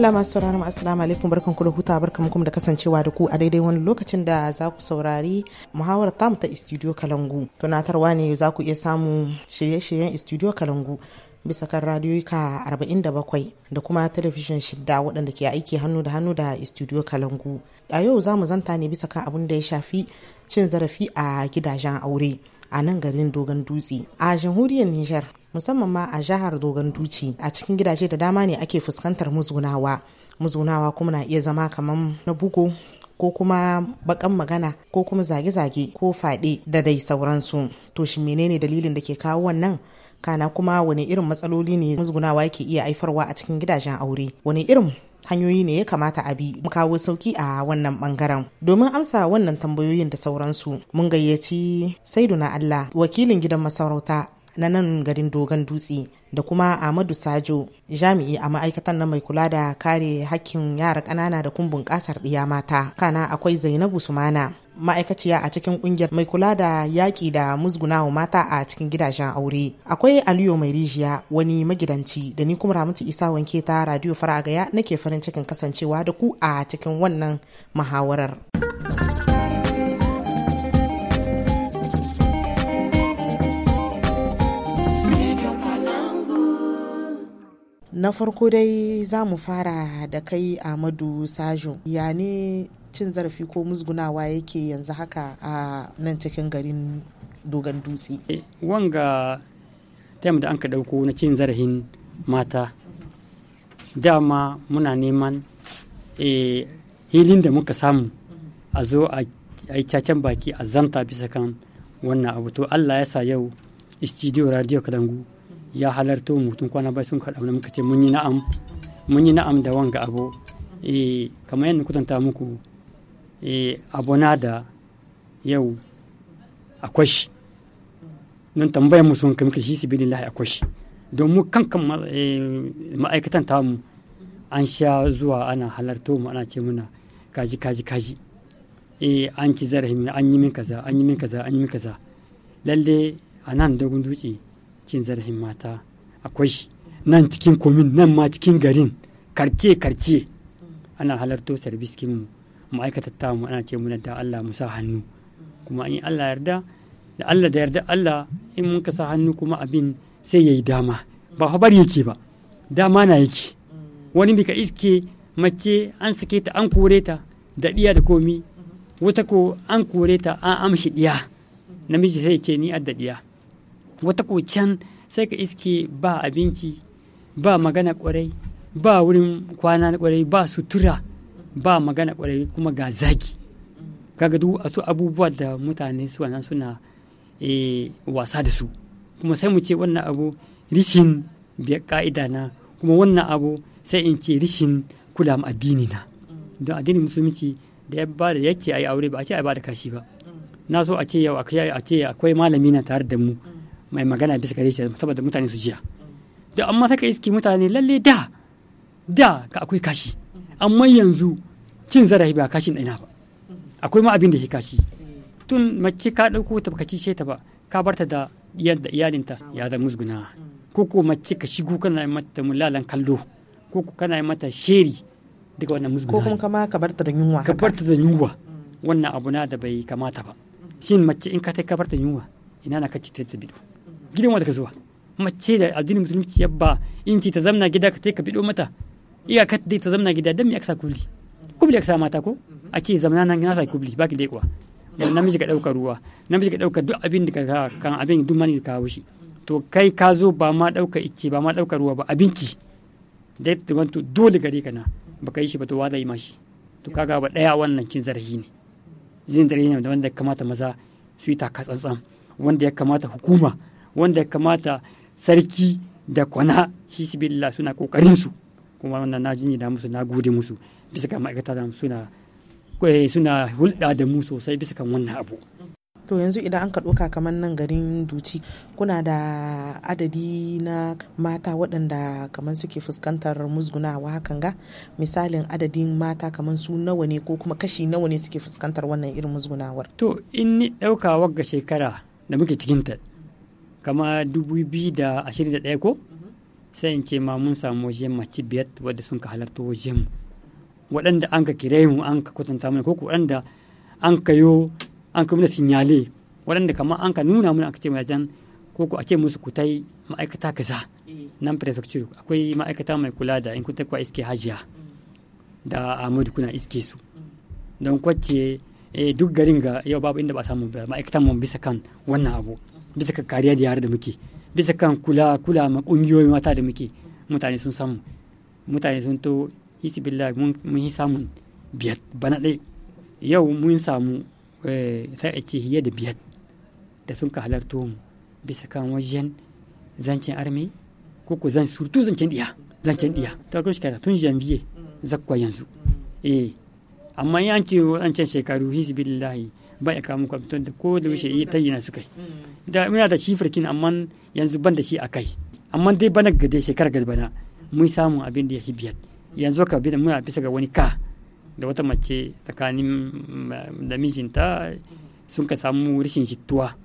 Allah masu sauraron assalamu alaikum barkan ku da huta barkan kuma da kasancewa da ku a daidai wani lokacin da za ku saurari muhawarar tamu ta studio kalangu tunatarwa ne za ku iya samun shirye-shiryen studio kalangu bisa kan ka 47 da kuma talabijin shidda waɗanda ke aiki hannu da hannu da studio kalangu a yau za mu zanta ne bisa kan abun da ya shafi cin zarafi a gidajen aure a nan garin dogon dutse a jamhuriyar nijar. musamman ma a jihar dogon duci a cikin gidaje da dama ne ake fuskantar muzunawa muzunawa kuma na iya zama kamar na bugo ko kuma bakan magana ko kuma zage-zage ko fade da dai sauransu to shi menene dalilin da ke kawo wannan kana kuma wani irin matsaloli ne muzgunawa yake iya aifarwa a cikin gidajen aure wani irin hanyoyi ne ya kamata a bi mu kawo sauki a wannan bangaren domin amsa wannan tambayoyin da sauransu mun gayyaci saiduna allah wakilin gidan masarauta na nan garin dogon dutse da kuma amadu sajo jami'i a ma'aikatar na mai kula da kare hakkin yara ƙanana da kun bunƙasar ɗiya mata kana akwai zainabu sumana ma'aikaciya a cikin ƙungiyar. mai kula da yaƙi da musgunawa mata a cikin gidajen aure akwai aliyu mai rijiya wani magidanci da ni kuma ramatu isa wanke ta radio faragaya nake farin cikin kasancewa da ku a cikin wannan muhawarar. na farko dai za mu fara da kai amadu sajo ya ne cin zarafi ko musgunawa yake yanzu haka a nan cikin garin dogon dutse eh, wanga tem da an ka ɗauko na cin zarafin mata dama muna neman eh, hilin da muka samu a zo a yi cacen baki a zanta bisa kan wannan abu to allah ya sa yau studio radio kadangu ya halarto mutum kwana bai sun kaɗa mana muka ce mun yi na'am mun yi na'am da wanga abu eh kamar yadda kutanta muku eh abona da yau akwai shi don tambayar mu sun kamar shi sibilillahi akwai shi don mu kankan e, ma'aikatan ta mu an sha zuwa ana halarto mu ana ce muna kaji kaji kaji eh an ci zarafi an yi min kaza an yi min kaza an yi min kaza lalle a nan da gunduci cin zarafin mata akwai shi nan cikin komin nan ma cikin garin karce karce ana halarto sarbis kin ma'aikatar ta mu ana ce muna da Allah mu sa hannu kuma in Allah yarda da Allah da yarda Allah in mun ka sa hannu kuma abin sai yayi dama ba habar yake ba dama na yake wani bika iske mace an sake ta an kore ta da diya da komi wata ko an kore ta an amshi diya namiji sai ce ni adda diya wata ko can sai ka iske ba abinci ba magana kwarai ba wurin kwana na kwarai ba sutura ba magana kwarai kuma ga zaki kaga duk su abubuwa da mutane su wannan suna eh, wasa da su kuma sai mu ce wannan abu rishin biya ka'ida na kuma wannan abu sai in ce rishin kula ma addini na don addinin musulunci da ya ba da yace yi aure ba a ce a ba da kashi ba na so a ce yau a ce akwai malami na tare da mu mai magana bisa gare shi saboda mutane su jiya da amma saka iski mutane lalle da da ka akwai kashi amma yanzu cin zarafi ba kashin ɗaina ba akwai ma abin da ke kashi tun mace ka ɗauko ta baka cice ta ba ka barta da yadda iyalinta ya zama musguna ko ko mace ka shigo kana mata mulalan kallo ko ko kana mata sheri daga wannan musguna ko kuma kama ka barta da yunwa ka barta da yunwa wannan abu na da bai kamata ba shin mace in ka ta ka barta yunwa ina na ka ci ta bido gidan wata ka zuwa mace da addinin musulunci yabba inci ta zamna gida ka ce ka bido mata iya ka ta zamna gida dan me aka sa kubli kubli aka sa mata ko a ce zamna nan na sa kubli baki dai kuwa namiji ka dauka ruwa namiji ka dauka duk abin da ka kan abin duk mani ka wushi to kai ka zo ba ma dauka icce ba ma dauka ruwa ba abinci dai to wanto dole gare ka na baka yi shi ba to wazai ma mashi to kaga ba daya wannan cin zarafi ne zin zarafi ne wanda kamata maza su yi taka tsantsan wanda ya kamata hukuma wanda kamata sarki da kwana hisbillah suna kokarin su kuma wannan na da musu na gode musu bisa kan ma'aikata da suna eh, suna hulɗa da mu sosai bisa kan wannan abu to yanzu idan an ka ɗauka kamar nan garin duci kuna da adadi na mata waɗanda kamar suke fuskantar musgunawa hakan ga misalin adadin mata kamar su nawa ne ko kuma kashi nawa ne suke fuskantar wannan irin musgunawar to in ni ɗauka wagga shekara da muke cikinta kama 2021 ko sai in ce ma mun samu wajen mace biyar wadda sun ka halarta wajen mu waɗanda an ka kire mu an ka kwatanta mana ko waɗanda an ka yo an ka mana sinyale waɗanda kama an ka nuna mana aka ce mai jan ko a ce musu ku tai ma'aikata kaza eh. nan prefecture akwai ma'aikata mai kula da in kun kwa iske hajiya da amadu kuna iske su don kwace eh, duk garin ga yau babu inda ba samu ma'aikatan mu bisa kan wannan abu bisa kan kariya da yara da muke bisa kan kula kula ma kungiyoyi mata da muke mutane sun samu mutane sun to hisbillah mun yi samun biyar bana ɗaya yau mun samu eh, sai a ce hiyya da biyar da sun ka halarto mu bisa kan wajen zancen armi ko ko zan surtu zancen diya zancen diya ta kuma shekara tun janvier zakwa yanzu eh amma yan ce wancan shekaru hisbillahi Ba ya kama kwamfutan da ko da wuce ta yi na su kai da muna da shi firkin amma yanzu ban da shi a kai amma dai bana gade shekara gaba na mun samu abin da ya biyar yanzu ka bi da muna bisa ga wani ka da wata mace tsakanin mm, da mijinta sun ka samu rashin jituwa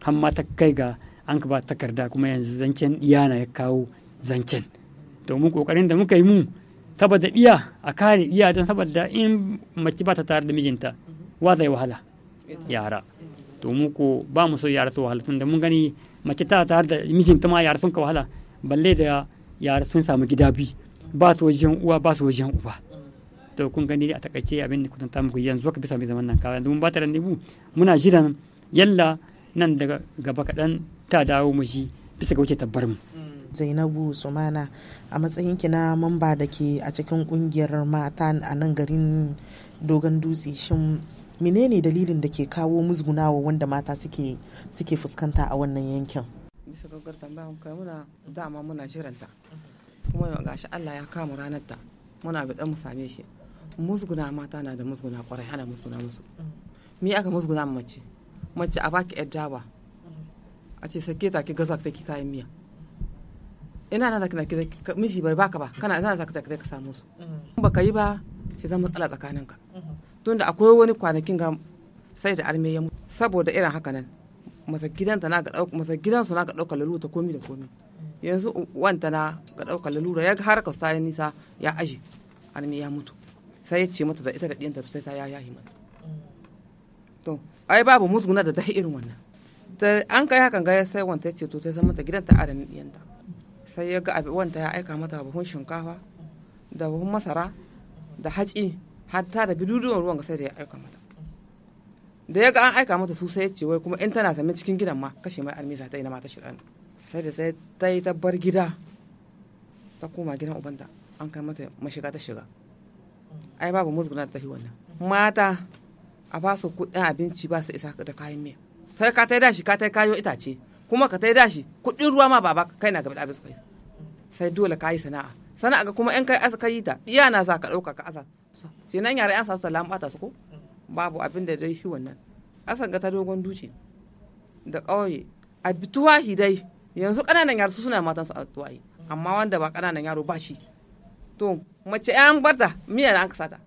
har ma ta kai ga an ka ba takarda kuma yanzu zancen iyana ya kawo zancen domin kokarin da muka yi mu saboda iya a kare iya don saboda in mace ba ta tare da mijinta wa zai wahala yara to mu ko ba mu so yara su wahala tunda mun gani mace ta tare da mijinta ma yara sun ka wahala balle da yara sun samu gida bi ba su wajen uwa ba su wajen uba to kun gani a takaice abin da ta muku yanzu ka bisa mai zaman nan ka mun ba ta rendezvous muna jiran yalla nan daga gaba kaɗan ta dawo mu shi bisa ga wuce tabbar mu zainabu sumana a matsayin ki na mamba da ke a cikin kungiyar mata a nan garin dogon dutse shin menene dalilin da ke kawo musgunawa wanda mata suke suke fuskanta a wannan yankin bisa gaggar tambaya kai muna dama muna jiranta kuma gashi Allah ya kama ranar ta muna bi mu same shi musguna mata na da musguna kwarai ana musguna musu me aka musguna mace mace a baki yar daba a ce sake ta ki gaza ta ki kayan miya ina na zaka ki miji bai baka ba kana ina zaka ta ka samu su mm. ba ka yi ba shi zan matsala tsakaninka tunda akwai wani kwanakin ga sai da arme ya mutu saboda irin haka nan masa gidan na ga dauka masa gidansu na ga dauka lalura ta komi da komi yanzu wanta na ga dauka lalura ya har ka sai nisa ya aje arme ya mutu sai ya ce mata da ita da diyanta ta ta ya yahi mata to ai babu musguna da ta irin wannan ta an kai hakan ga sai wanta ya ce to ta zama ta gidan ta da diyanta sai ya ga wanta ya aika mata buhun shinkafa da buhun masara da hatsi hatta da bidiyon ruwan ga sai da ya aika mata da ya ga an aika mata su sai ya ce wai kuma in tana same cikin gidan ma kashe mai armisa ta yi na mata shirin sai da ta yi tabbar gida ta koma gidan ubanta an kai mata mashiga ta shiga ai babu musguna ta fi wannan mata a ba su kuɗin abinci ba su isa da kayan miya sai ka ta yi dashi ka ta yi kayo itace kuma ka ta yi dashi kuɗin ruwa ma ba kai na gaba da abin kai sai dole ka yi sana'a sana'a ga kuma in kai asa yi ta iya na za ka ɗauka ka asa sai nan yare an sasu salamu bata su ko babu abin da dai shi wannan asan ga ta dogon duce da ƙauye a bituwahi dai yanzu ƙananan yaro su suna matan su a tuwahi amma wanda ba ƙananan yaro ba shi to mace yan barta miya an kasata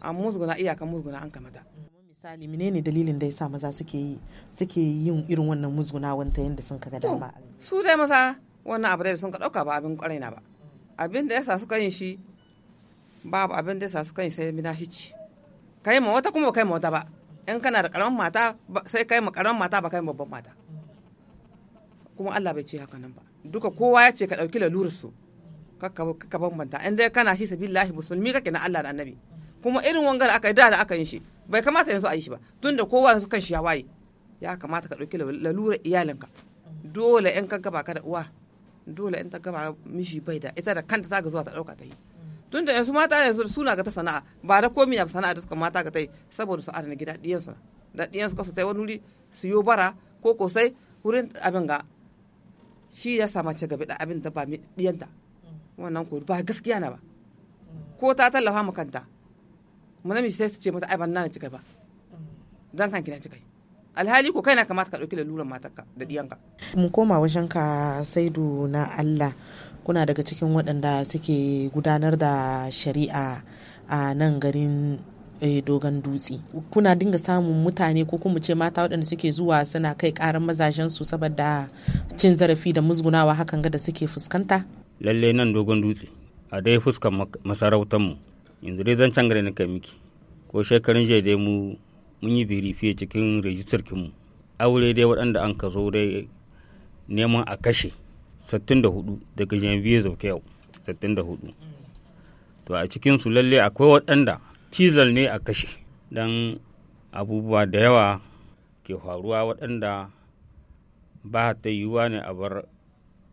a musguna iyakan musguna an kamata misali menene dalilin da yasa maza suke yi suke yin irin wannan musguna wanta yanda sun kaga dama su dai maza wannan abu da sun ka dauka ba abin kwarai na ba abin da yasa suka yin shi babu abin da su kai sai mina hici kai ma wata kuma kai ma wata ba in kana da karamin mata sai kai ma karamin mata ba kai babban mata kuma Allah bai ce haka nan ba duka kowa ya ce ka dauki lalurar su ka bambanta in dai kana shi billahi musulmi kake na Allah da annabi kuma irin wangar aka yi da da aka yi shi bai kamata yanzu a yi shi ba tunda kowa yanzu kan shi ya waye ya kamata ka dauki lalurar iyalinka dole in ka gaba ka da uwa dole in ta gaba mishi bai da ita da kanta za ga zuwa ta dauka ta yi tun da yanzu mata yanzu suna ga ta sana'a ba da komi ba sana'a da suka mata ga yi saboda su adana gida su da diyansu kasu yi wani wuri su yi bara ko kosai wurin abin ga shi ya sa mace gaba da abin da ba ta wannan ko ba gaskiya na ba ko ta tallafa ma kanta mu sai su ce mata ai ban na ci kai ba dan kan kina ci kai alhali ko kai na kamata ka ɗauki laluran matarka da diyanka. mun koma wajen ka saidu na allah kuna daga cikin waɗanda suke gudanar da shari'a a nan garin eh, dogon dutse kuna dinga samun mutane ko kuma ce mata waɗanda suke zuwa suna kai ƙaran mazajen su saboda cin zarafi da musgunawa hakan ga da suke fuskanta lalle nan dogon dutse a dai fuskan masarautar mu yanzu dai zan can gare na kai miki ko shekarun jiya dai mu mun yi birifi cikin rajistar kinmu aure dai waɗanda an ka zo dai neman a kashe 64 daga janvier zauke 64 to a cikin su lalle akwai waɗanda cizal ne a kashe don abubuwa da yawa ke faruwa waɗanda ba ta yiwuwa ne a bar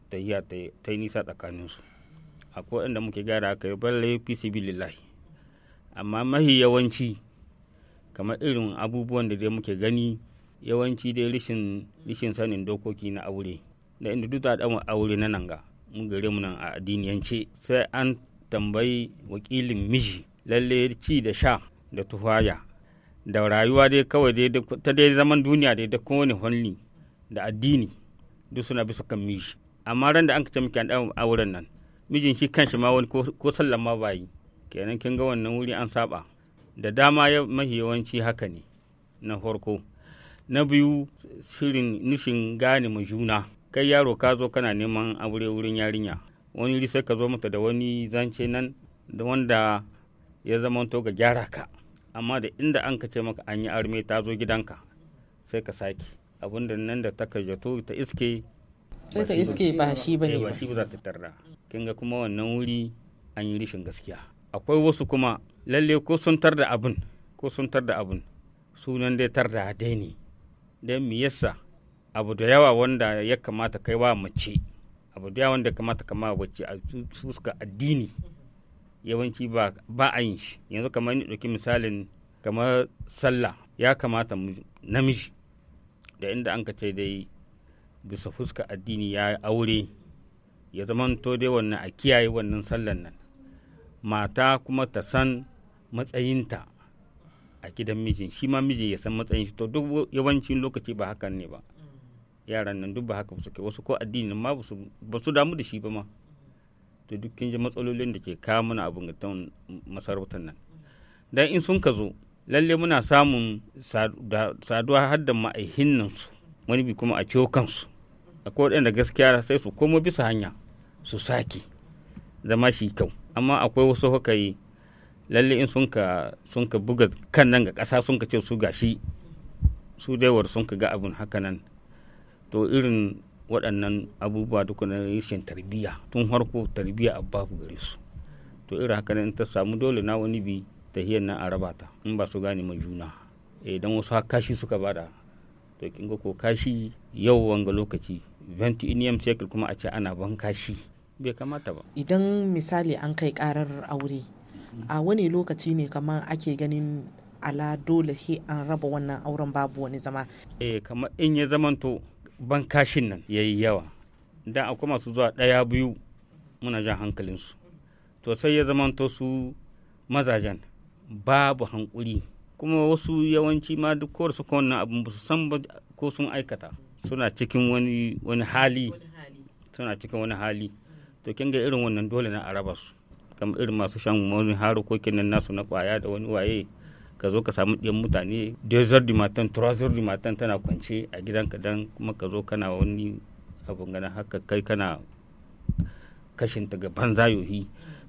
tahiya ta yi nisa tsakaninsu akwai waɗanda muke gyara aka yi balle pcb lillahi amma mahi yawanci kamar irin abubuwan da dai muke gani yawanci dai rishin sanin dokoki na aure da inda duk da aure na nanga mun gare mu nan a addiniyance sai an tambayi wakilin miji lalle ci da sha da tuhaya da rayuwa dai kawai dai ta dai zaman duniya dai da kowane hanli da addini duk suna bisa kan miji amma ran da an kace miki an auren nan mijin shi kanshi ma wani ko sallan ma bayi kenan kin ga wannan wuri an saba da dama mahi yawanci haka ne na farko na biyu shirin nishin gane ma juna kai yaro ka zo kana neman aure wurin yarinya wani sai ka zo mata da wani zance nan da wanda ya zama to ga gyara ka amma da inda an ka ce maka an yi arme ta zo gidanka sai ka sake abin da nan da ta karjato ta iske sai ta iske ba shi ba ne ba eh, shi ba za ta tarra kinga kuma wannan wuri an yi rishin gaskiya akwai wasu kuma lalle ko sun tar da abin ko sun tar da abin sunan dai tar da dai ne don mi yasa abu da yawa wanda ya kamata kai wa mace abu da yawa wanda kamata kama wacce a suka addini yawanci ba a yin shi yanzu kamar ni ɗauki misalin kamar sallah ya kamata namiji da inda an ka ce dai bisa fuska addini ya aure ya zamanto dai wannan a kiyaye wannan sallan nan mata kuma ta san matsayinta a gidan miji shi ma miji ya san matsayin shi to duk yawancin lokaci ba hakan ne ba yaran nan duk ba haka su kai wasu ko addinin ma ba su damu da shi ba ma to duk kin ji matsalolin da ke kawo mana abin ga masarautar nan dan in sun ka zo lalle muna samun saduwa har da ma'aihin nan su wani bi kuma a ciwo kansu a akwai da gaskiya sai su komo bisa hanya su sake zama shi kyau amma akwai wasu haka yi lalle in sun ka sun ka buga kan nan ga ƙasa sun ka ce su gashi su daiwar sun ka ga abun nan to irin waɗannan abubuwa duka na rashin tarbiyya tun harko tarbiyya a babu gare su to irin haka nan ta samu dole na wani bi tahiyar nan a raba ta in ba su gane mai juna idan eh, wasu kashi suka bada to kin ga ko kashi yau wanga lokaci in cycle kuma a ce ana ban kashi bai kamata ba idan misali an kai karar aure a wani lokaci ne kamar ake ganin ala dole he an raba wannan auren babu wani zama eh kamar in ya zamanto ban kashin nan yi yawa da akwai masu zuwa ɗaya biyu muna jan hankalinsu to sai ya zamanto su mazajen babu hankuri kuma wasu yawanci ma duk kowar su wannan abin ba su san ko sun aikata suna cikin hali suna cikin wani hali to kin ga irin wannan dole na a raba su kamar irin masu shan wani harokokin nan nasu na kwaya da wani waye ka zo ka samu ɗiyan mutane dezar di matan turazar di matan tana kwance a gidanka dan kuma ka zo kana wani abun gana haka kai kana kashin ta ga banza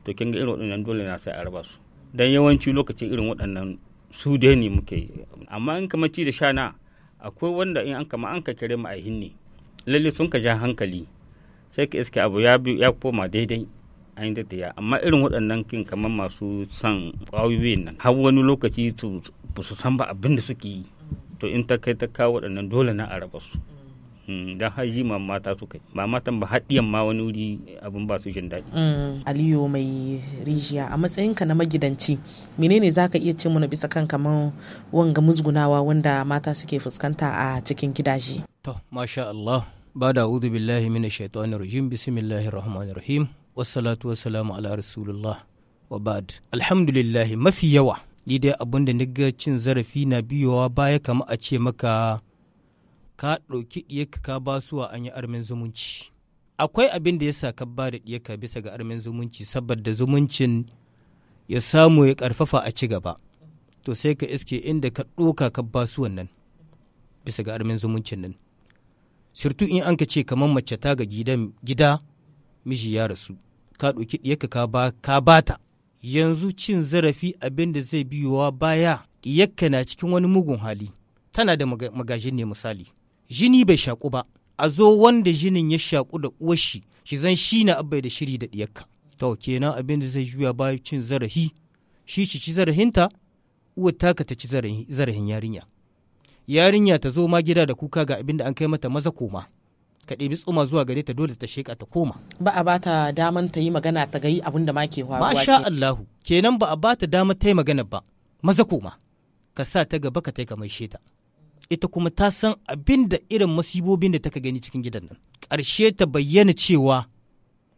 to kin ga irin waɗannan dole na sai a raba su dan yawanci lokaci irin waɗannan su dai ne muke amma in kama ci da shana akwai wanda in an kama an ka kire mu a hinne lalle sun ka ja hankali sai ka iske abu ya ya koma daidai an yi ya amma irin waɗannan kin kamar masu son ƙwayoyin nan har wani lokaci su su san ba abin da suke yi to in ta kai ta kawo waɗannan dole na a raba su hmm, don har yi mata su yi ba matan ba haɗiyan ma wani wuri abin ba su jin daɗi. Mm, aliyu mai rijiya a matsayinka na magidanci menene za ka iya ce mana bisa kan kamar wanga musgunawa wanda mata suke fuskanta a cikin gidaje. to masha Allah ba da billahi mina shaitanin rajim bismillahir rahmanir rahim wasalatu wasalamu ala rasulullah wa ba'd alhamdulillah mafi yawa ni dai abin da ga cin zarafi na biyowa baya kama a ce maka ka ɗauki ɗiyarka ka ba wa an yi armin zumunci akwai abin da ya sa ka ba da ɗiyarka bisa ga armin zumunci saboda zumuncin ya samu ya ƙarfafa a ci gaba to sai ka iske inda ka ɗoka ka ba su wannan bisa ga armin zumuncin nan surtu in an ka ce kamar mace ta ga gida miji ya rasu ka ɗauki ɗiyarka ka ba ta yanzu cin zarafi abin da zai biyowa baya ɗiyarka na cikin wani mugun hali tana da magajin ne misali jini bai shaƙu ba a zo wanda jinin ya shaƙu da uwashi shi zan shi na abai da shiri da ɗiyarka to kenan abin da zai juya baya cin zarafi shi ci ci zarafinta uwar taka ta ci zarafin yarinya yarinya ta zo ma gida da kuka ga abin da an kai mata maza koma ta ɗebi tsuma zuwa gare ta dole ta sheƙa ta koma. Ba a bata daman ta yi magana ta gayi abin da ma ke faruwa. Masha Allahu kenan ba a bata damar ta yi magana ba maza koma ka sa ta gaba ka ta ka mai ta. Ita kuma ta san abin da irin masibobin da ta ka gani cikin gidan nan. Ƙarshe ta bayyana cewa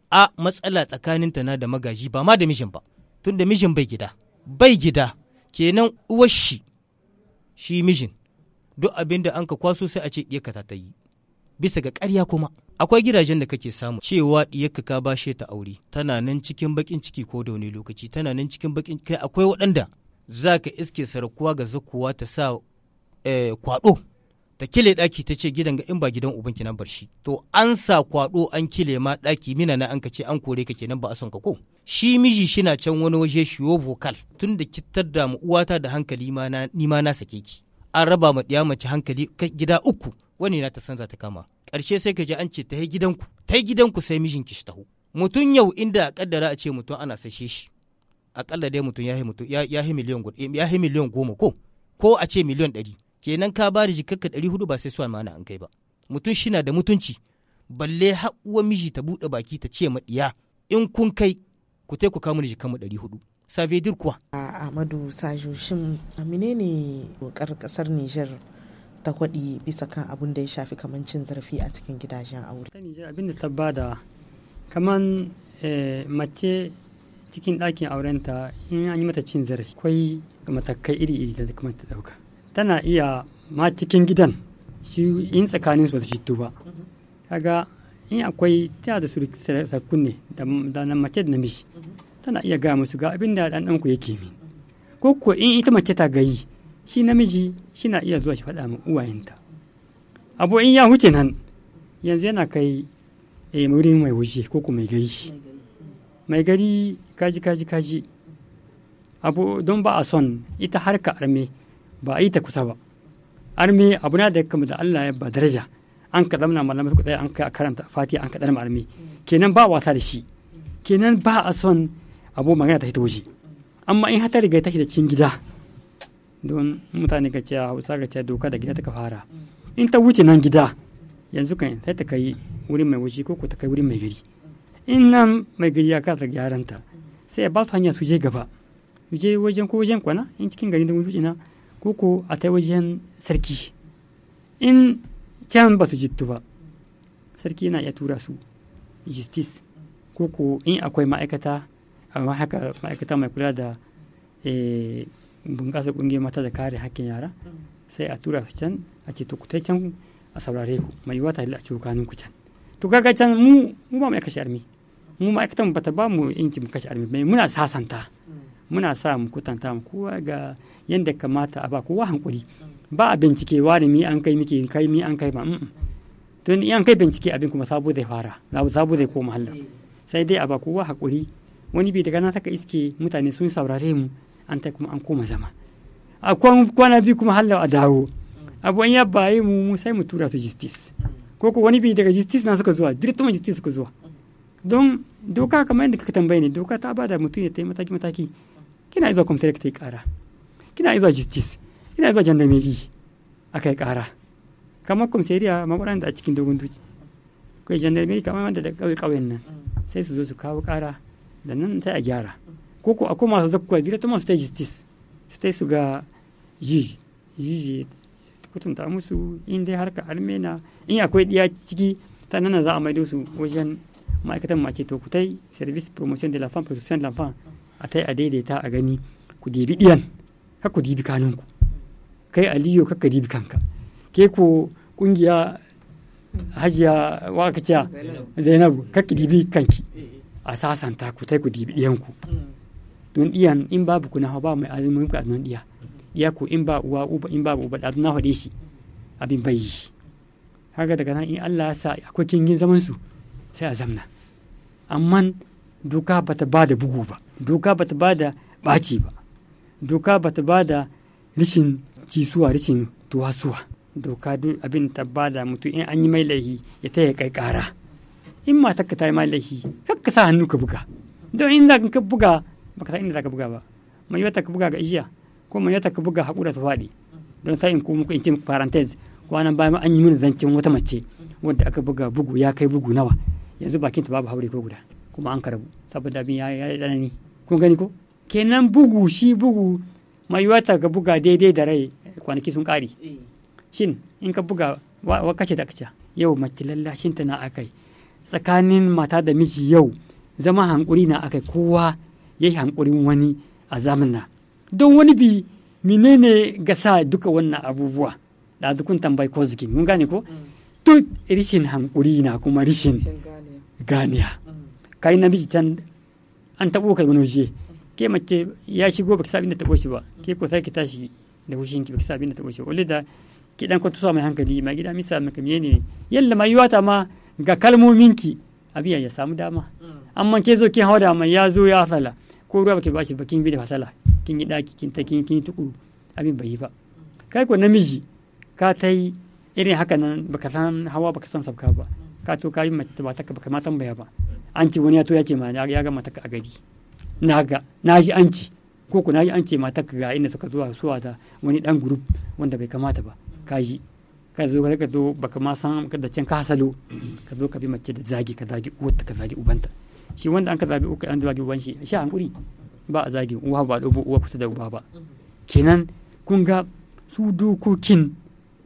a matsala tsakanin ta na da magaji ba ma da mijin ba tun da mijin bai gida bai gida kenan uwar shi shi mijin duk abin da an ka kwaso sai a ce ɗiyarka ta yi bisa ga karya kuma akwai gidajen da kake samu cewa diyarka ka bashe ta aure tana nan cikin bakin ciki ko da wani lokaci tana nan cikin bakin kai akwai waɗanda za ka iske sarakuwa ga zakuwa ta sa eh, kwaɗo ta kile ɗaki ta ce gidan ga in ba gidan uban nan bar shi to an sa kwaɗo an kile ma ɗaki mina na an ka ce an kore ka kenan ba a son ka ko shi miji shi na can wani waje shiyo vocal tun da kitar da uwata da hankali ma na sake ki an raba ma ɗiya mace hankali gida uku wani na ta san za ta kama ƙarshe sai ka ji an ce ta yi gidanku ta yi gidanku sai mijinki shi taho mutum yau inda a kaddara a ce mutum ana sashe shi akalla dai mutum ya mutum ya yi miliyan eh, ya yi miliyan goma ko ko a ce miliyan ɗari kenan ka ba da jikakka ɗari hudu ba sai suwa mana an kai ba mutum shi na da mutunci balle haƙuwa miji ta buɗe baki ta ce maɗiya in kun kai ku tai ku kamu da jikanmu ɗari hudu savedir kuwa. a amadu sajo shin amine ne ƙasar nijar ta kwaɗi bisa kan abin da ya shafi kamar cin zarafi a cikin gidajen aure. Ta Nijar abin da ta bada kaman eh, mace cikin ɗakin aurenta in an yi mata cin zarafi akwai matakai iri-iri da kuma ta ɗauka. Tana iya ma cikin gidan shi in tsakanin su ba su shittu ba. Kaga in akwai ta da surukun ne da na mace da namiji. Tana iya gaya musu ga abin da ɗan ku yake min. Ko ko in ita mace ta gayi shi namiji shi na iya zuwa shi faɗa min uwayenta abu in ya huce nan yanzu yana kai e eh, wurin mai wuce ko kuma mai gari mai gari kaji kaji kaji abu don ba a son ita harka arme ba a yi ta kusa ba arme abu na da ya kama da Allah ya ba daraja an ka zamna malamai kuɗi an ka karanta fatiha an ka ɗan arme kenan ba wasa da shi kenan ba a son abu magana ta hita waje amma in hata riga ta da cikin gida don mutane ka ce hausa ka ce doka da gida ta fara in ta wuce nan gida yanzu kan sai ta kai wurin mai wuce ko ta kai wurin mai gari in nan mai gari ya kasa gyaranta sai ba su hanya su je gaba su je wajen ko wajen kwana in cikin gari da wuce na ko ko a ta wajen sarki in can ba su jittu ba sarki yana iya tura su justice ko ko in akwai ma'aikata ma'aikata mai kula da eh, bunƙasa ƙungiyar mata da kare haƙƙin yara sai a tura can a ce to ku tai can a saurare ku mai wata a ci kanun ku can to kaga can mu mu ba mu kashe armi mu ma'aikatan bata ba mu inci mu kashe armi mai muna sasanta muna sa mu kutanta mu kowa ga yanda kamata a ba kowa hankuri ba a bincike wani mi an kai miki kai mi an kai ba to in an kai bincike abin kuma sabo zai fara sabo zai koma hallar sai dai a ba kowa hakuri wani bi daga na saka iske mutane sun saurare mu an ta kuma an koma zama a kwana biyu kuma hallau a dawo abu an yabba yi mu sai mu tura su justice ko ko wani bi daga justice na suka zuwa ma justice suka zuwa don doka kamar yadda kaka tambaye ne doka ta bada mutum ya tai mataki mataki kina zuwa kwamfutar ta yi kara kina izuwa justice kina zuwa jandarmeri a kai kara kamar kwamsariya maɓaran da a cikin dogon duci kai jandarmeri kamar wanda da ƙauyen nan sai su zo su kawo kara da nan sai a gyara koko ko akwai masu zakkuwa directement su ta justice su ta su ga jiji jiji ta musu in dai harka armena in akwai diya ciki ta nana za a maido su wajen ma'aikatan mace to ku ta service promotion de la femme protection de l'enfant a tai a daidaita a gani ku dibi diyan ka ku dibi kanun ku kai aliyo ka ka dibi kanka ke ko kungiya hajiya wakaciya zainabu ka ki dibi kanki a sasanta ku tai ku dibi diyanku mm. don iya in babu kuna ba mai azumin ka don iya ɗiya ku in ba uwa uba in babu uba ɗazu na shi abin bai yi haka daga nan in Allah ya sa akwai kingin zaman su sai a zamna amma doka bata ba da bugu ba doka bata ba da ɓaci ba doka bata ba da rishin cisuwa rishin tuwasuwa doka duk abin ta ba da mutum in an yi mai laihi ya taya kai kara in matarka ta yi mai laihi kakka sa hannu ka buga don in za ka buga baka san inda zaka buga ba mai yiwa ka buga ga ishiya ko mai yiwa ka buga haƙura ta faɗi don sai in ko muku in ce parenthesis anan bayan an yi mini zancen wata mace wanda aka buga bugu ya kai bugu nawa yanzu bakinta babu haure ko guda kuma an karabu saboda abin ya yi tsanani kun gani ko kenan bugu shi bugu mai yiwa ka buga daidai da rai kwanaki sun kare shin in ka buga wa kace da kace yau mace lallashinta na akai tsakanin mata da miji yau zama hankuri na akai kowa ya yi hankulin wani a zamana don wani bi menene gasa duka wannan abubuwa da kun tambayi ko zikin mun gane ko to mm. rishin hankuri na kuma rishin ganiya mm. kai namiji can an tabo kai wani waje ke mace ya shigo baki sabin da tabo shi ba ke ko sai ki tashi da hushinki ki baki sabin da tabo shi wale da ki dan kwantusa mai hankali ma gida misa maka ne yalla mai yiwata ma ga kalmominki abiya ya samu dama mm. amma ke zo ki hawa da mai ya zo ya fala ko ruwa baki bashi ba kin bi da fasala kin yi daki kin ta kin kin tuku abin bai yi ba kai ko namiji ka ta yi irin haka nan baka san hawa baka san sabka ba ka to ka yi mata ba ta baka ma tambaya ba an ci wani ya to ya ce ma ya ga mataka a gari na ga na ji an ci ko ku na ji an ce mataka ga inda suka zuwa suwa da wani dan group wanda bai kamata ba ka ji ka zo ka zo baka ma san da can ka hasalo ka zo ka bi mace da zagi ka zagi uwarta ka zagi ubanta shi wanda an ka zabi uku an zabi wanshi shi shi hankuri ba a zagi uwa ba dubu uwa kusa da uba ba kenan kun ga su dokokin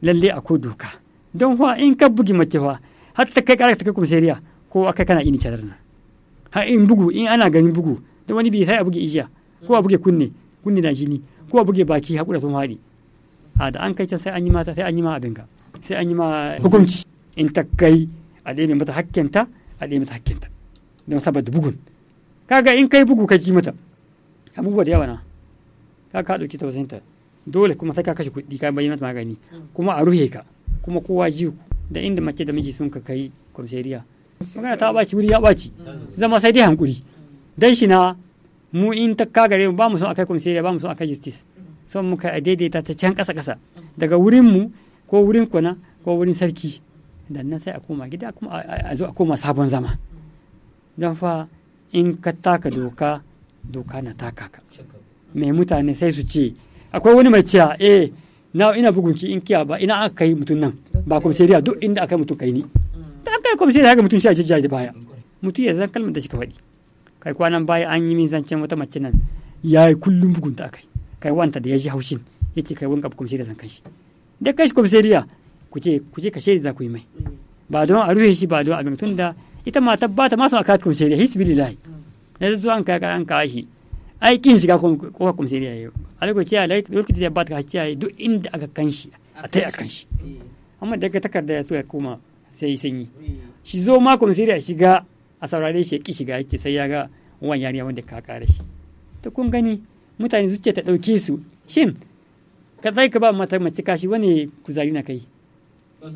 lalle a ko doka don fa in ka bugi mace fa har ta kai ƙara ta kai seriya ko aka kana ini carar na ha in bugu in ana ganin bugu da wani bai sai a buge ijiya ko a buge kunne kunne na jini ko a buge baki hakura sun haɗi a da an kai can sai an yi mata sai an yi ma abinka sai an yi ma hukunci in ta kai a ɗebe mata hakkinta a ɗebe mata hakkinta don saboda bugun kaga in kai bugu ka ji mata abubuwa da yawa na ka ka dauki tausayinta dole kuma sai ka kashe kuɗi ka bayyana magani kuma a ruhe ka kuma kowa ji da inda mace da miji sun ka kai komisariya magana ta ɓaci wuri ya ɓaci zama sai dai hankuri dan shi na mu in ta mu ba mu son akai komisariya ba mu son akai justice son kai a daidaita ta can ƙasa ƙasa daga wurin mu ko wurin kwana ko wurin sarki dan nan sai a koma gida kuma a zo a koma sabon zama don fa in ka taka doka doka na taka ka mai mutane sai su ce akwai wani mai cewa eh na ina bugun ki in kiya ba ina aka kai mutum nan ba komisariya duk inda aka mutum kai ni ta aka kai komisariya ga mutum shi a jijja da baya mutum ya zan kalmar da shi ka faɗi kai kwanan baya an yi min zancen wata mace nan ya yi kullum bugun ta akai kai wanta da ya ji haushin ya ce kai wanka komisariya zan kai shi da kai shi komisariya ku ce ku ce ka shaida za ku yi mai mm. ba don a rufe shi ba don a tun da ita ma tabbata ma sama kat kumsiriya hisbilillah ne zuwa an kai an kawo shi ai kin shiga kowa kumsiriya yau alaiko ciya lokacin da ba ta ciya duk inda aka kan shi a tai a kan shi amma daga takarda ya so kuma sai sai sanyi shi zo ma kumsiriya shiga a saurare shi ya ki shiga yake sai ya ga wani yariya wanda ka kare shi ta kun gani mutane zuciya ta ɗauke su shin ka zai ka ba mata mace kashi wani kuzari na kai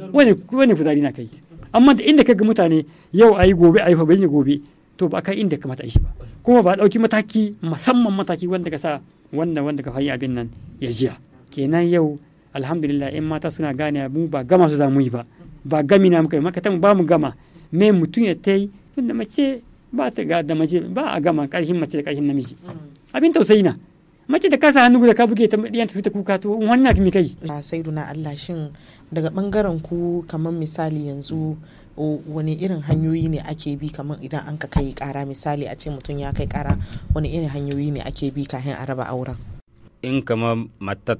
wani kuzari na kai amma da inda ga mutane yau a ayi gobe ayi fa bayin gobe to ba kai inda kamata shi ba kuma ba dauki mataki musamman mataki wanda ka sa wanda wanda ka fayi abin nan ya jiya kenan yau alhamdulillah in mata suna gane mu ba gama su za mu yi ba ba gami na muka yi mu ba mu gama me mutum ya ta yi tunda mace ba ta ga da mace ba a gama karhin mace da karhin namiji mm. abin tausayi na mace da kasa hannu da ka buge ta madiyan ta kuka to wannan me kai na Allah shin daga bangaren ku kamar misali yanzu wani irin hanyoyi ne ake bi kamar idan an ka kai kara misali a ce mutum ya kai kara wani irin hanyoyi ne ake bi kafin a raba auren in kamar matat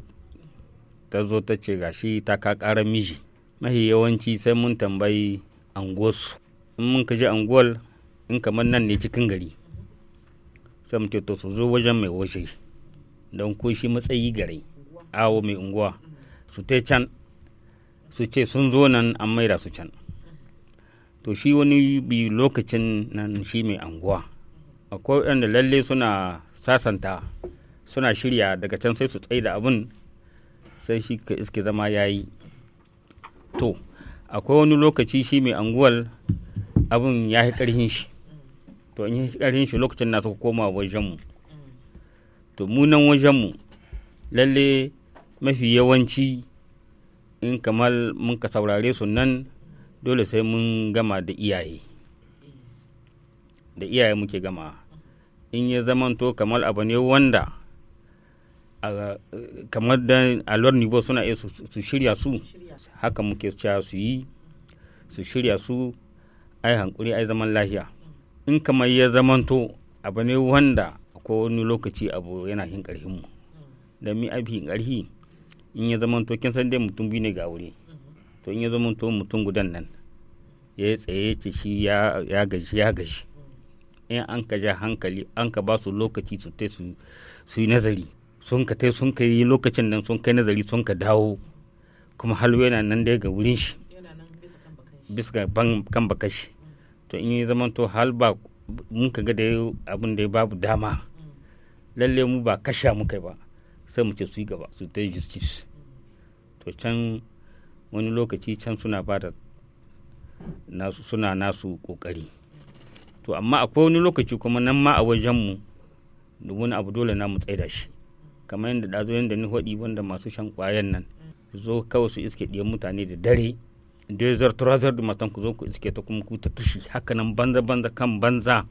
ta zo ta ce gashi ta ka kara miji mahi yawanci sai mun tambayi anguwarsu in mun ka ji anguwar in kamar nan ne cikin gari sai mu ce to su zo wajen mai washe don ko shi matsayi gare awo mai unguwa su ta can su ce sun zo nan an maida su can to shi wani bi lokacin nan shi mai anguwa akwai waɗanda lalle suna sasanta suna shirya daga can sai su tsaye da abin sai shi ka iske zama ya yi to akwai wani lokaci shi mai anguwal abin ya yi karhin shi to in yi karhin shi lokacin na suka koma wajenmu to munan wajenmu lalle mafi yawanci in kamar mun ka saurare su nan dole sai mun gama da iyaye da iyaye muke gama in ya zamanto kamar abu ne wanda kamar da alwar nivo suna iya su shirya su haka muke cewa su yi su shirya su ai hankuri ai zaman lahiya in kamar ya zamanto abu ne wanda ko wani lokaci abu yana hin karhin mu dan mi abi karhi in ya zama to kin san dai mutum bi ne ga aure to in ya zama to mutum gudan nan ya tsaye ce shi ya gaji ya gaji in an ka ja hankali an ka ba su lokaci su tai su su yi nazari sun ka tai sun ka yi lokacin nan sun kai nazari sun ka dawo kuma halu yana nan dai ga wurin shi bisa kan bakashi to in yi zama to hal ba mun ka ga da abin da babu dama lalle mu ba kasha muka ba sai mu ce su yi gaba su ta justice to can wani lokaci can suna ba da nasu suna nasu kokari to amma akwai wani lokaci kuma nan ma a wajenmu da wani abu dole na mu tsaida shi kamar yadda ɗazo yadda ni hodi wanda masu shan kwayan nan zo kawai su iske ɗiyan mutane da dare da ya zartura zartu matan ku zo ku iske ta kuma ku ta kishi haka banza banza kan banza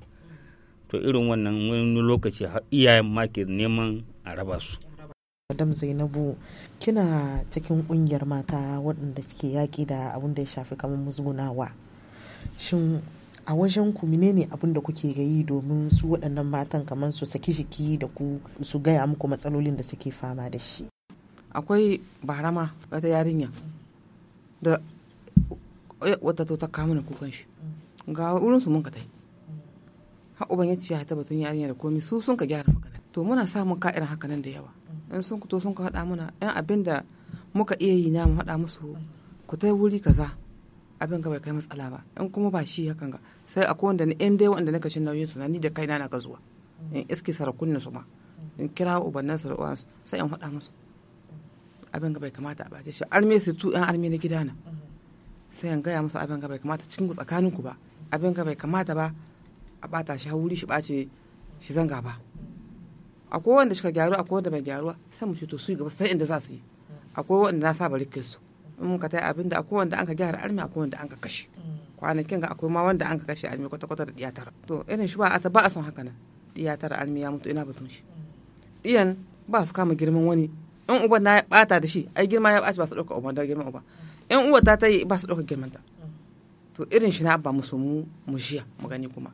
to irin wannan wani lokaci iyayen ma ke neman a raba su madam zainabu kina cikin kungiyar mata waɗanda suke yaƙi da abin da ya shafi kamar muzgunawa shin a wajen ku menene abin da kuke gayi domin su waɗannan matan kamar su saki jiki da ku su gaya muku matsalolin da suke fama da shi akwai barama wata yarinya da eh, wata ta kamuna kukan shi ga wurin su mun ka tai har uban ya ce ya haita batun yarinya da komi su sun ka gyara magana to muna samun ka irin haka nan da yawa in sun to sun ka haɗa muna yan abin da muka iya yi na mu haɗa musu ku tai wuri kaza abin ka bai kai matsala ba in kuma ba shi hakan ga sai akwai wanda ni yan dai wanda naka shin nauyin su na ni da kaina na gazuwa in iske sarakunnin su ma in kira ubannin su da su sai in haɗa musu abin ga bai kamata a bace shi arme su tu yan arme na gidana sai in gaya musu abin ga bai kamata cikin ku tsakanin ku ba abin ga bai kamata ba a bata shi wuri shi bace shi zanga ba akwai wanda suka gyaru akwai wanda bai gyaruwa sai mu ce to su gaba sai inda za su yi akwai wanda na saba rike su in mun ka tai abin da akwai wanda an ka gyara armi akwai wanda an ka kashe kwanakin ga akwai ma wanda an ka kashe armi kwata kwata da diyatar to irin shi ba a ba a son haka nan diyatar armi ya mutu ina batun shi diyan ba su kama girman wani in uba na ya bata da shi ai girma ya bace ba su dauka uban da girman uba in uwa ta ta yi ba su dauka girman ta to irin shi na abba musu mu mu shiya mu gani kuma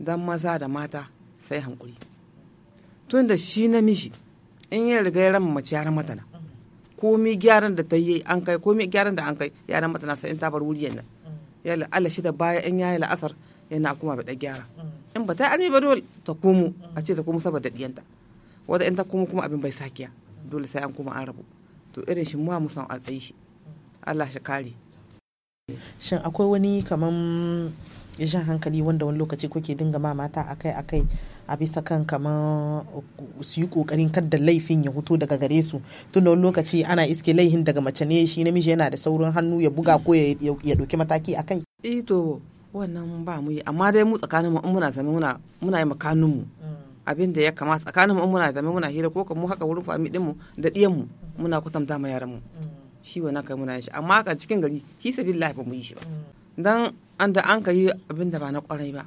don maza da mata sai hankuri tun da shi namiji in ya riga ya rama mace ya matana komi gyaran da ta yi an kai komi gyaran da an kai ya matana sai in ta bar wuri yana ya Allah shi da baya in yayi la'asar yana kuma bada gyara in ba ta yi ba dole ta komo a ce ta komo saboda diyanta wata in ta komo kuma abin bai sakiya dole sai an kuma an rabu to irin shi mu musan a tsaye shi Allah shi kare shin akwai wani kaman jan hankali wanda wani lokaci kuke dinga ma mata akai akai a bisa kan kamar su yi kokarin kadda laifin ya huto daga gare su tun da wani lokaci ana iske laifin daga mace ne shi namiji yana da saurin hannu ya buga ko ya ɗauki mataki akai ito eh to wannan ba mu yi amma dai mu tsakanin mu muna zama muna muna yi makanin mu abin da ya kama tsakanin mu muna zama muna hira ko mu haka wurin fami din mu da diyan mu muna kwatanta ma yaran mu mm. shi wannan kai muna yi shi amma haka cikin gari shi sabilillahi ba mu yi shi ba mm. dan an da an ka yi abin da ba na kwarai ba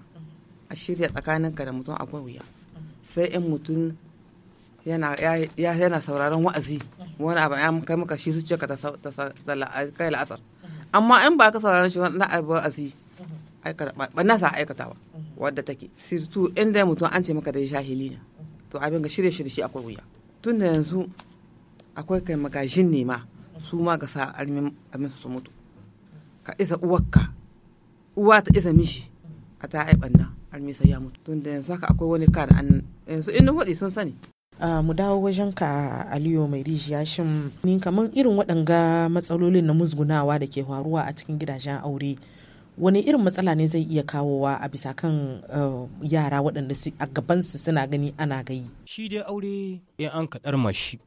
a shirya tsakaninka da mutum akwai wuya sai in mutum yana sauraron wa'azi wani abu ya kai maka shi su ka kai la'asar amma in ba ka sauraron shi wani abu wa'azi ba nasa ba wadda take sirtu inda mutum an ce maka da shahili ne to abin ga shirya shirya shi akwai wuya tun da yanzu akwai kai magajin ne ma su ma ga sa almin su mutu ka isa uwarka uwa ta isa mishi a ta ai banna ya mutu tun yanzu haka akwai wani an yanzu in hudi sun sani mu dawo wajen ka aliyu mai rijiya shin ni kamar irin waɗanga matsalolin na musgunawa da ke faruwa a cikin gidajen aure wani irin matsala ne zai iya kawowa a bisa kan eh, yara waɗanda a gabansu suna gani ana gayi shi dai aure in an kaɗar mashi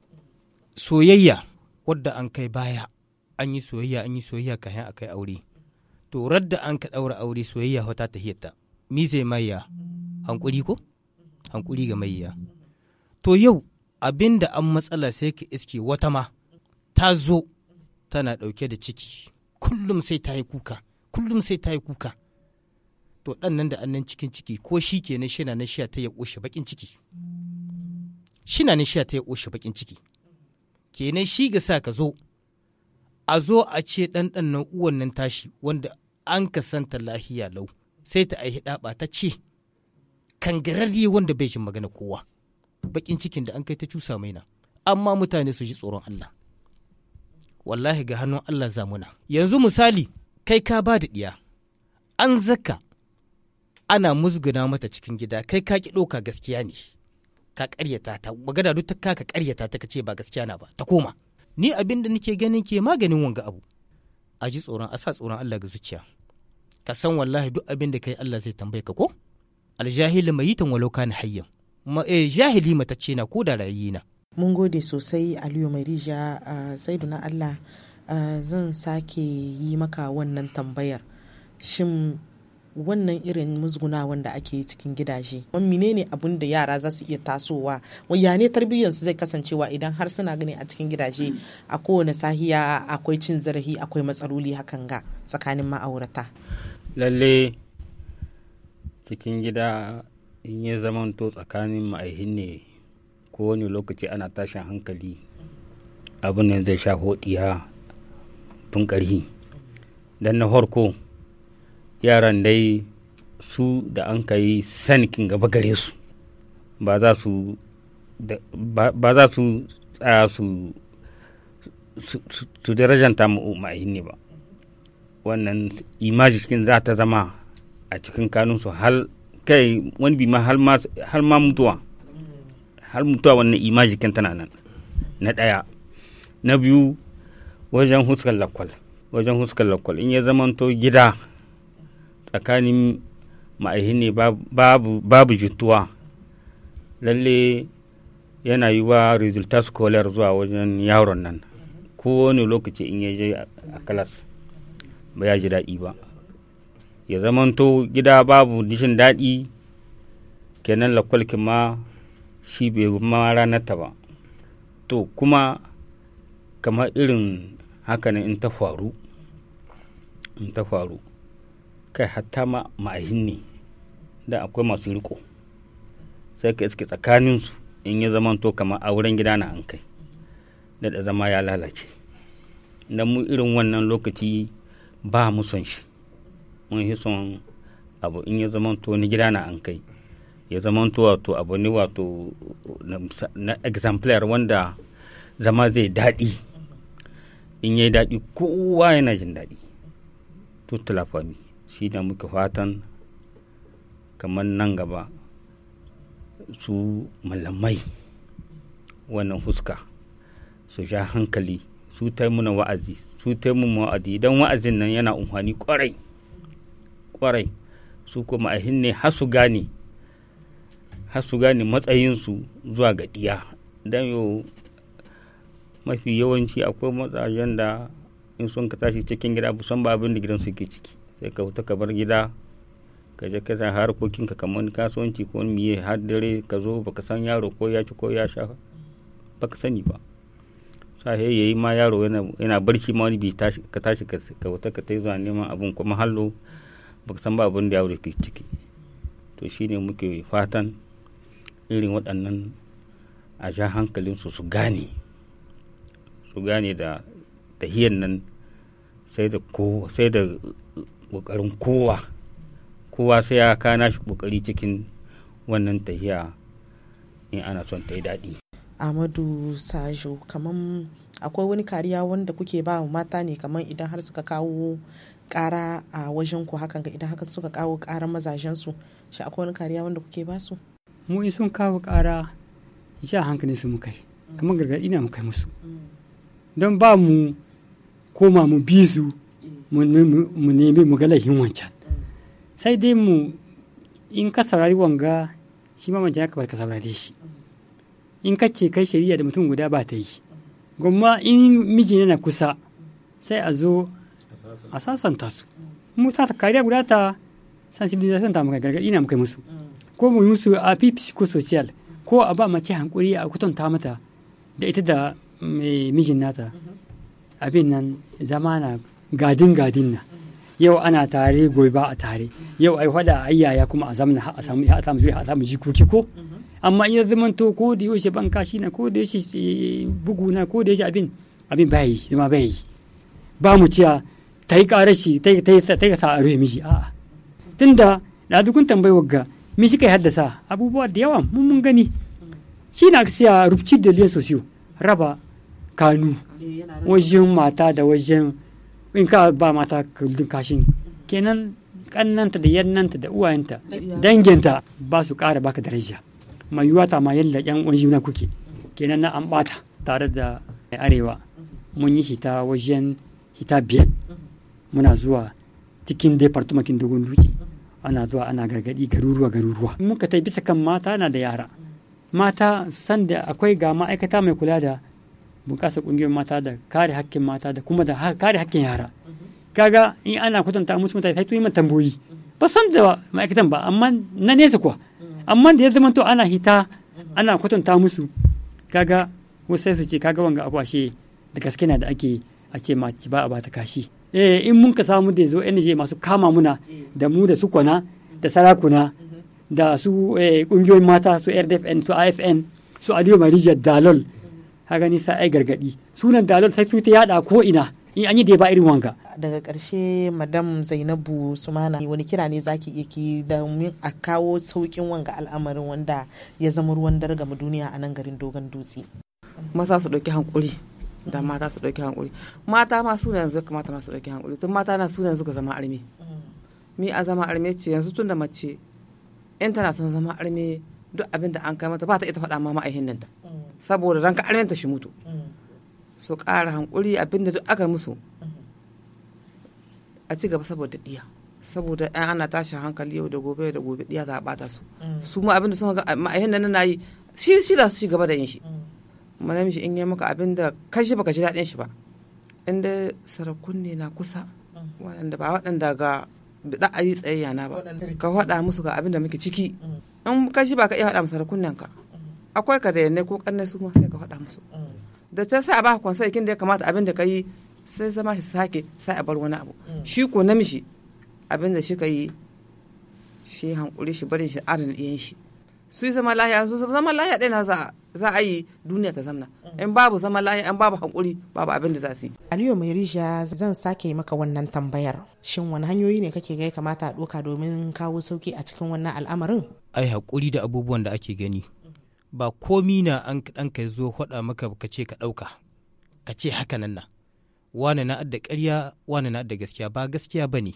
soyayya wadda an kai baya an yi soyayya an yi soyayya kayan kai aure to radda an ka ɗaura aure soyayya wata ta mi zai mayya hankuri ko hankuri ga mayya to yau abin da an matsala sai ka iske wata ma ta zo tana ɗauke da ciki kullum sai ta yi kuka kullum sai ta yi kuka to ɗan nan da annan cikin ciki ko shi ke na shina na shiya ta ya ƙoshe baƙin ciki shina na shiya ta ya ƙoshe baƙin ciki kenan shi ga sa ka zo a zo a ce ɗan nan uwan nan tashi wanda an ka ta lahiya lau sai ta aihi ɗaɓa ta ce kangararriye wanda bai jin magana kowa bakin cikin da an kai ta cusa maina amma mutane su ji tsoron Allah wallahi ga hannun Allah zamuna yanzu misali kai ka ba da ɗiya an zaka ana musguna mata cikin gida kai ka ki ɗauka gaskiya ne ka ƙaryata ta magana duk ta ka ƙaryata ta ka ce ba gaskiya na ba ta koma ni abin da nake ganin ke maganin wanga abu a ji tsoron a sa tsoron Allah ga zuciya ka san wallahi duk abin da kai Allah zai tambaye ka ko aljahili mayitan walau kana hayyan ma eh jahili ce na ko da rayi na mun gode sosai Aliyu Marija na Allah zan sake yi maka wannan tambayar shin wannan irin musgunawan da ake cikin gidaje wani menene abin da yara za su iya tasowa ya ne su zai kasancewa idan har suna gani a cikin gidaje a kowane sahiya akwai cin zarafi akwai matsaloli hakan ga tsakanin ma'aurata lalle cikin gida in ya to tsakanin ma'aihin ne ko wani lokaci ana tashin hankali abin zai sha hodiya tun ƙarhi don na horko yaran dai su da an ka yi sanikin gaba gare su ba za su tsaya su su darajanta ma'ayi ne ba wannan imaji cikin za ta zama a cikin kanunsu hal kai wani bi ma har ma mutuwa hal mutuwa wannan imaji kan tana nan na ɗaya na biyu wajen huskar lakwal wajen huskar lakwal in ya zamanto gida tsakanin ma'aihi ne babu, babu jituwa lalle yana yi wa resulta scholar zuwa wajen yaron nan kowane lokaci in ya je a kalas ba ya ji daɗi ba ya zamanto gida babu jin daɗi kenan lakwalki ma shi bai ma ranarta ba to kuma kamar irin hakanan in ta in ta faru kai hatta ma ma'ahin ne da akwai masu riko sai ka iske tsakaninsu in ya zama to kamar auren gida na an kai da da zama ya lalace da mu irin wannan lokaci ba mu son shi mun yi son abu in ya zama to ni gida na an kai ya zama to wato abu ne wato na exemplar wanda zama zai daɗi in ya yi daɗi kowa yana jin daɗi tutula fami shi da muka fatan kamar nan gaba su malamai wannan huska su sha hankali su ta muna wa'azi su ta muna wa'azi idan wa'azin nan yana umfani kwarai kwarai su kuma a hinne har su gane har su gane matsayinsu zuwa ga ɗiya don yau mafi yawanci akwai matsayin da in sun ka tashi cikin gida san ba abin da su ke ciki sai ka fita ka bar gida ka je ka harkokin ka kamar kasuwanci ko miye har dare ka zo baka san yaro ko ya ci ko ya sha baka sani ba sa he yayi ma yaro yana yana barci ma wani bi tashi ka tashi ka wuta ka tai zuwa neman abun kuma hallo baka san ba abun da yaro ke ciki to shine muke fatan irin waɗannan a sha su su gane su gane da tahiyan nan sai da ko sai da ƙoƙarin kowa kowa sai ya kana shi ƙoƙari cikin wannan tahiya in ana son ta yi daɗi amadu sajo kamar akwai wani kariya wanda kuke ba mata ne kamar idan har suka kawo ƙara a wajen ku hakan ga idan haka suka kawo ƙara mazajen su shi akwai wani kariya wanda kuke ba su mu in sun kawo ƙara ja hankali su mukai kamar gargaɗi na mukai musu mm. don ba mu koma mu bi su mu nemi mu ga yin wancan sai dai mu in ka saurari wanga shi ma wancan ya ka saurare shi in ka ce kai shari'a da mutum guda ba ta yi gwamma in miji na kusa sai a zo a sasanta su mu ta kariya guda ta sensibilization ta muka gargaɗi na muka musu ko mu yi musu a psychosocial ko a ba mace hankuri a ta mata da ita da mm, eh, mijin nata abin nan zama na gadin gadin na yau ana tare gobe ba a tare yau ai hada ayyaya kuma a zamna ha a samu ya a samu ha a samu jikoki ko amma in ya zama to ko da yaushe ban kashi na ko da yaushe eh, bugu na ko da yaushe abin abin bai yi zama bai yi ba mu ciya ta yi ƙarar shi ta yi sa a rufe mishi a'a tunda da dukun tambayi wagga me shi kai haddasa abubuwa da yawa mun mun gani shi na siya rubci da liyan sosiyo raba kanu eh, wajen mata da wajen inka ba mata kuldin kashin kenan kannanta da yannanta da uwayenta danginta ba su kara baka daraja mai yuwa ta ma yalla yan uwan juna kuke kenan na an bata tare da arewa mun yi hita wajen hita biyar muna zuwa cikin kin dogon dutse ana zuwa ana gargadi garuruwa garuruwa muka ta bisa kan mata na da yara mata sanda akwai ga ma'aikata mai kula da bunƙasa ƙungiyoyin mata da kare hakkin mata da kuma da kare hakkin yara kaga in ana kwatanta musu mutane sai tuyi tambayoyi ba san da ma'aikatan ba amma na nesa kuwa amma da ya zama to ana hita ana kwatanta musu kaga wasu sai su ce kaga wanga abu ashe da gaske na da ake a ce mace ba a bata kashi eh in mun ka samu da zo NJ masu kama muna da mu da su kwana da sarakuna da su eh, ƙungiyoyin mata su RDFN su AFN su Aliyu Marija Dalol ka gani sa ai gargadi sunan dalol sai su ta yada ko ina in an yi da ba irin wanga daga ƙarshe madam zainabu sumana wani kira ne zaki iya ki domin a kawo saukin wanga al'amarin wanda ya zama ruwan dargama duniya a nan garin dogon dutse masa su ɗauki hankuri da mata su ɗauki hankuri mata ma su yanzu kamata ma su ɗauki hankuri tun mata na su yanzu ka zama arme mi a zama arme ce yanzu tun da mace in tana son zama arme duk abin da an kai mata ba ta ita faɗa ma ma'aihin nan ta saboda ranka arminta shi mutu mm. su ƙara hankuri abinda duk aka musu mm. a ci gaba saboda ɗiya saboda ɗan ana tashin hankali yau da gobe da gobe ɗiya za a bata su mm. su ma abinda sun ga ma'ayin da nana yi shi shi za su ci gaba da yin shi mana mishi in yi maka abinda kai shi baka ji daɗin shi ba inda sarakun ne na kusa waɗanda ba waɗanda ga da a yi tsayayya na ba ka faɗa musu ga abin da muke ciki in kai shi ba ka iya faɗa masa nan ka akwai ka da ko kanne su sai ka faɗa musu mm. da ta sa ba sai kin da ya kamata abin da ka yi sai zama shi sake sai a bar wani abu mm. shi ko namiji abin da shi ka yi shi hankuri shi barin shi arin iyan shi su zama lahiya su zama lahiya ɗaya na za a yi duniya ta zamna mm. in babu zama lahiya in babu hankuri babu abin da za su yi aliyu mai zan sake maka wannan tambayar shin wani hanyoyi ne kake ya kamata a doka domin kawo sauki a cikin wannan al'amarin ai hakuri da abubuwan da ake gani ba komi na an ɗan ka zo faɗa maka ka ce ka ɗauka ka ce haka nan na wane na adda ƙarya wane na adda gaskiya ba gaskiya ba ne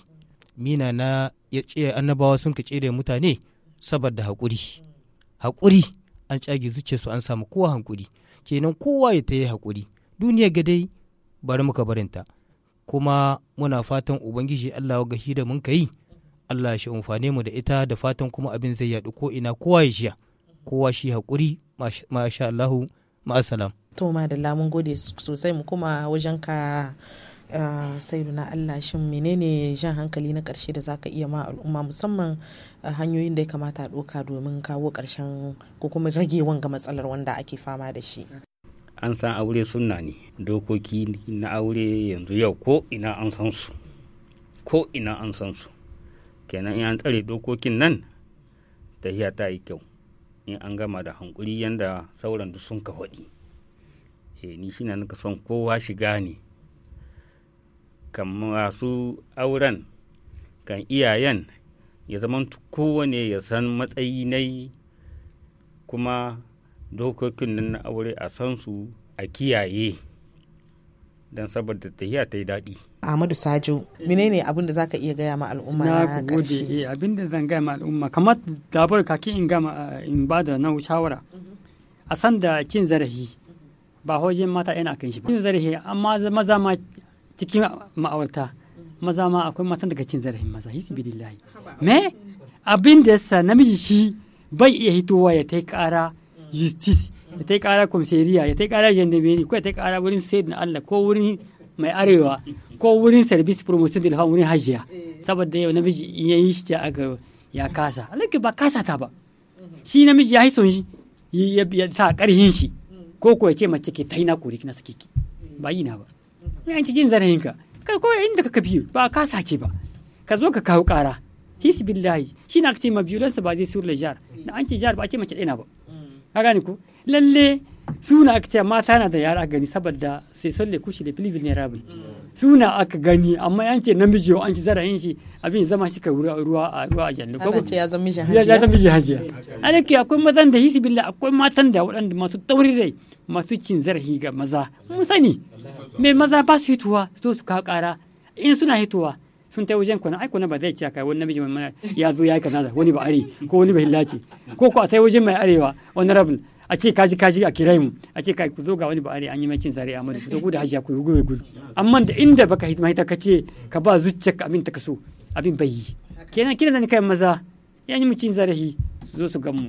mina na ya ce annabawa sun ka cire mutane saboda haƙuri haƙuri an cage zuce su an samu kowa haƙuri kenan kowa ya ta yi haƙuri duniya ga dai bari muka barinta kuma muna fatan ubangiji allah ga hira mun ka yi allah shi amfane mu da ita da fatan kuma abin zai yaɗu ko ina kowa ya shiya kowa shi haƙuri masha Allahu ma'asalam. To ma da lamun gode sosai mu kuma wajen ka ah, sai na Allah shin menene jan hankali na ƙarshe da zaka iya ma al'umma musamman ah, hanyoyin da ya kamata a ɗoka domin kawo ƙarshen ko kuma rage wanga matsalar wanda ake fama da shi. An san aure sunna ne dokoki na aure yanzu yau ko ina an san su ko ina an san su kenan in an tsare dokokin nan tahiya ta yi kyau. in an gama da hankuri yanda sauran duk sun ka faɗi e ni shi na son kowa shiga ne masu auren kan iyayen ya zama kowane ya san matsayi na yi kuma dokokin nan na aure a san su a kiyaye don saboda tahiya ta yi daɗi. Ahmadu Sajo, ne abin da za ka iya gaya ma al'umma na ƙarshe? Na gode, eh, abin da zan gaya ma al'umma kamar dabar kaki in gama eh, in ba da na shawara. A san da cin zarafi ba hoje mata yana kan shi ba. Cin zarafi amma maza ma cikin ma'aurata maza ma akwai matan daga cin zarafin maza hisbillahi. Me abin da yasa namiji shi bai iya hitowa ya ta yi ƙara justice ya ta kara komseriya ya ta kara jandaberi ko ya ta kara wurin da allah ko wurin mai arewa ko wurin service promotion da wurin hajiya saboda yau namiji ya yi shi aka ya kasa alaƙi ba kasa ta ba shi namiji ya yi son shi ya sa ƙarhin shi ko ko ya ce mace ke taina kore kina suke ki ba yi na ba an ci jin zarahin ka kai ko inda ka kafi ba kasa ce ba ka zo ka kawo kara hisbillahi shi na ce ma violence ba zai sur le jar da an ce jar ba a ce mace ɗaya ba ka gane ko lalle suna aka ce mata na da yara gani saboda sai son le kushi da fili vulnerable suna aka gani amma an ce namiji an ci zarayin shi abin zama shi ka ruwa a ruwa a jannu ko ce ya zama miji hajiya ya zama miji hajiya ana akwai mazan da hisi billah akwai matan da waɗanda masu tauri rai masu cin zarafi ga maza mun sani me maza ba su hituwa su su kawo ƙara in suna hituwa sun ta wajen kwana ai kwana ba zai kai wani namiji mai ya zo ya yi kaza wani ba are ko wani ba hillaci ko ko a sai wajen mai arewa honorable a ce kaji kaji a kira a ce kai ku zo ga wani ba'ari an yi mai cin sare Ahmadu ku zo ku da hajiya ku gudu gudu amma da inda baka hidima ita ce ka ba ka abin ta kaso abin bai yi kenan kina da kai maza yan yi mu cin zarafi su zo su gan mu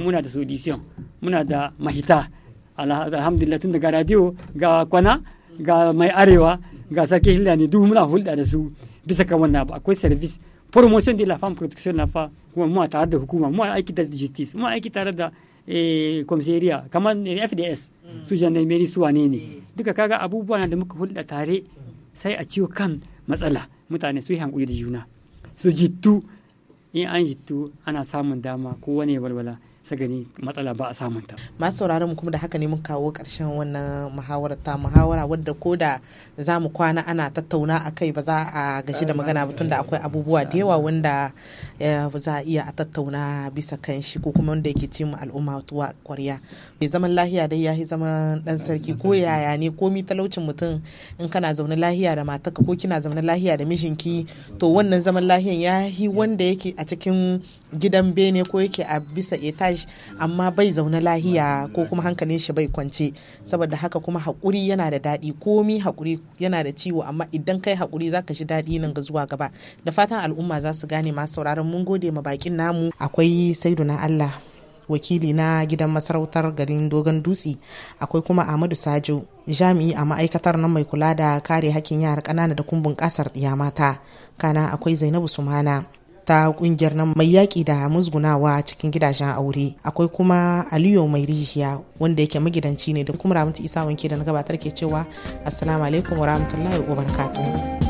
muna da sodisiyon muna da mahita alhamdulillah tun daga radio ga kwana ga mai arewa ga sarki ne duk muna hulɗa da su bisa kan wannan ba akwai service promotion de la femme protection na fa kuma mu tare da hukuma mu aiki da justice mu aiki tare da Eh, komisariya kamar eh, fds hmm. su jandarmeri su wane ne eh. duka kaga abubuwa da muka hulɗa tare hmm. sai a ciwo kan matsala mutane su yi hankuli da juna su jittu in an jittu ana samun dama ko wani walwala sai gani matsala ba a samun masu sauraron mu kuma da haka ne mun kawo karshen wannan muhawara ta muhawara wadda ko da za mu kwana ana tattauna a kai ba za a gashi da magana ba tunda akwai abubuwa da yawa wanda eh, za a iya a tattauna bisa kan shi ko kuma wanda yake cin al'umma tuwa kwarya bai zaman lahiya dai ya zaman dan sarki ko yaya ne komi talaucin mutum in kana zaune lahiya da matarka ko kina zaune lahiya da mijinki to wannan zaman lahiyan yahi wanda yake a cikin gidan bene ko yake a bisa eta amma bai zaune lahiya ko kuma hankalin shi bai kwance saboda haka kuma hakuri yana da daɗi komi hakuri yana da ciwo amma idan kai haƙuri zaka ji daɗi nan ga zuwa gaba da fatan al'umma za su gane ma sauraron mun gode ma bakin namu akwai saidu na Allah wakili na gidan masarautar garin dogon dutse akwai kuma ahmadu sajo jami'i a ma'aikatar nan mai kula da kare hakkin yara ƙanana da kumbin ƙasar ɗiya mata kana akwai zainabu sumana ta kungiyar nan mai yaƙi da musgunawa cikin gidajen aure akwai kuma aliyu mai rijiya wanda yake magidanci ne da kuma ramtu isa wanke da na gabatar ke cewa assalamu alaikum wa rahmatullahi wa barakatuhu